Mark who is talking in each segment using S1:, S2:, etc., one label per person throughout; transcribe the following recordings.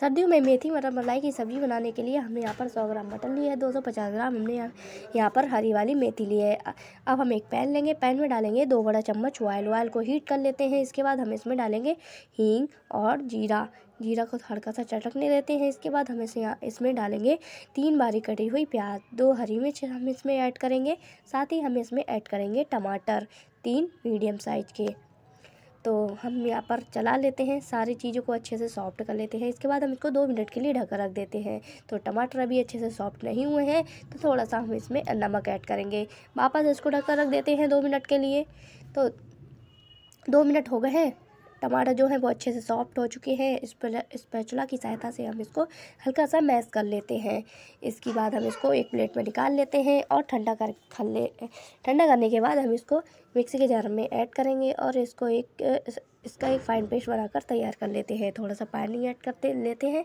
S1: सर्दियों में मेथी मटर मलाई की सब्ज़ी बनाने के लिए हमने यहाँ पर 100 ग्राम मटर लिया है 250 ग्राम हमने यहाँ पर हरी वाली मेथी ली है अब हम एक पैन लेंगे पैन में डालेंगे दो बड़ा चम्मच ऑयल ऑयल को हीट कर लेते हैं इसके बाद हम इसमें डालेंगे हींग और जीरा जीरा को हल्का सा चटकने देते हैं इसके बाद हम इसे इसमें डालेंगे तीन बारी कटी हुई प्याज दो हरी मिर्च हम इसमें ऐड करेंगे साथ ही हम इसमें ऐड करेंगे टमाटर तीन मीडियम साइज के तो हम यहाँ पर चला लेते हैं सारी चीज़ों को अच्छे से सॉफ्ट कर लेते हैं इसके बाद हम इसको दो मिनट के लिए ढक रख देते हैं तो टमाटर अभी अच्छे से सॉफ्ट नहीं हुए हैं तो थोड़ा सा हम इसमें नमक ऐड करेंगे वापस इसको ढक कर रख देते हैं दो मिनट के लिए तो दो मिनट हो गए हैं टमाटर जो है वो अच्छे से सॉफ्ट हो चुके हैं स्पैचुला की सहायता से हम इसको हल्का सा मैश कर लेते हैं इसके बाद हम इसको एक प्लेट में निकाल लेते हैं और ठंडा कर ठंडा करने के बाद हम इसको मिक्सी के जार में ऐड करेंगे और इसको एक इसका एक फाइन पेस्ट बनाकर तैयार कर लेते हैं थोड़ा सा पानी ऐड करते लेते हैं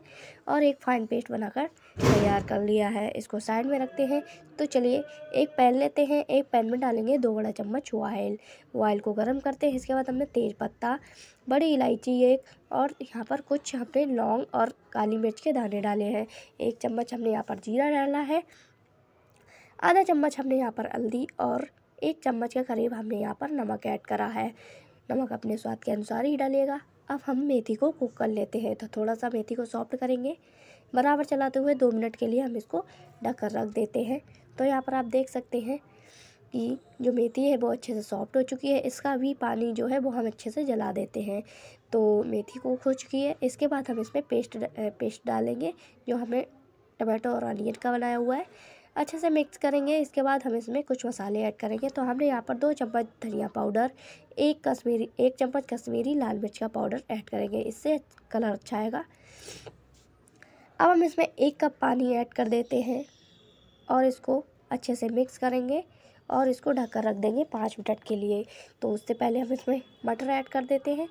S1: और एक फाइन पेस्ट बनाकर तैयार कर लिया है इसको साइड में रखते हैं तो चलिए एक पैन लेते हैं एक पैन में डालेंगे दो बड़ा चम्मच ऑयल ऑयल को गर्म करते हैं इसके बाद हमने तेज पत्ता बड़ी इलायची एक और यहाँ पर कुछ हमने लौंग और काली मिर्च के दाने डाले हैं एक चम्मच हमने यहाँ पर जीरा डाला है आधा चम्मच हमने यहाँ पर हल्दी और एक चम्मच के करीब हमने यहाँ पर नमक ऐड करा है नमक अपने स्वाद के अनुसार ही डालिएगा अब हम मेथी को कुक कर लेते हैं तो थोड़ा सा मेथी को सॉफ्ट करेंगे बराबर चलाते हुए दो मिनट के लिए हम इसको ढककर रख देते हैं तो यहाँ पर आप देख सकते हैं कि जो मेथी है वो अच्छे से सॉफ्ट हो चुकी है इसका भी पानी जो है वो हम अच्छे से जला देते हैं तो मेथी कुक हो चुकी है इसके बाद हम इसमें पेस्ट पेस्ट डालेंगे जो हमें टमाटो और अनियन का बनाया हुआ है अच्छे से मिक्स करेंगे इसके बाद हम इसमें कुछ मसाले ऐड करेंगे तो हमने यहाँ पर दो चम्मच धनिया पाउडर एक कश्मीरी एक चम्मच कश्मीरी लाल मिर्च का पाउडर ऐड करेंगे इससे कलर अच्छा आएगा अब हम इसमें एक कप पानी ऐड कर देते हैं और इसको अच्छे से मिक्स करेंगे और इसको ढककर रख देंगे पाँच मिनट के लिए तो उससे पहले हम इसमें मटर ऐड कर देते हैं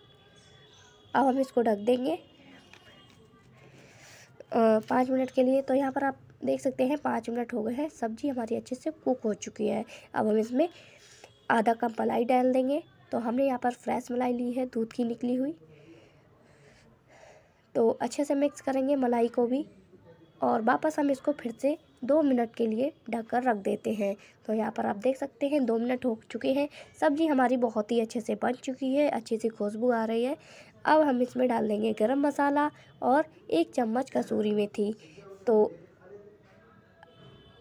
S1: अब हम इसको ढक देंगे पाँच मिनट के लिए तो यहाँ पर आप देख सकते हैं पाँच मिनट हो गए हैं सब्जी हमारी अच्छे से कुक हो चुकी है अब हम इसमें आधा कप मलाई डाल देंगे तो हमने यहाँ पर फ्रेश मलाई ली है दूध की निकली हुई तो अच्छे से मिक्स करेंगे मलाई को भी और वापस हम इसको फिर से दो मिनट के लिए ढक कर रख देते हैं तो यहाँ पर आप देख सकते हैं दो मिनट हो चुके हैं सब्ज़ी हमारी बहुत ही अच्छे से बन चुकी है अच्छी सी खुशबू आ रही है अब हम इसमें डाल देंगे गर्म मसाला और एक चम्मच कसूरी मेथी तो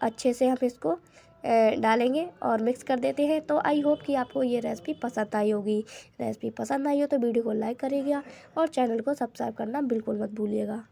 S1: अच्छे से हम इसको डालेंगे और मिक्स कर देते हैं तो आई होप कि आपको ये रेसिपी पसंद आई होगी रेसिपी पसंद आई हो तो वीडियो को लाइक करिएगा और चैनल को सब्सक्राइब करना बिल्कुल मत भूलिएगा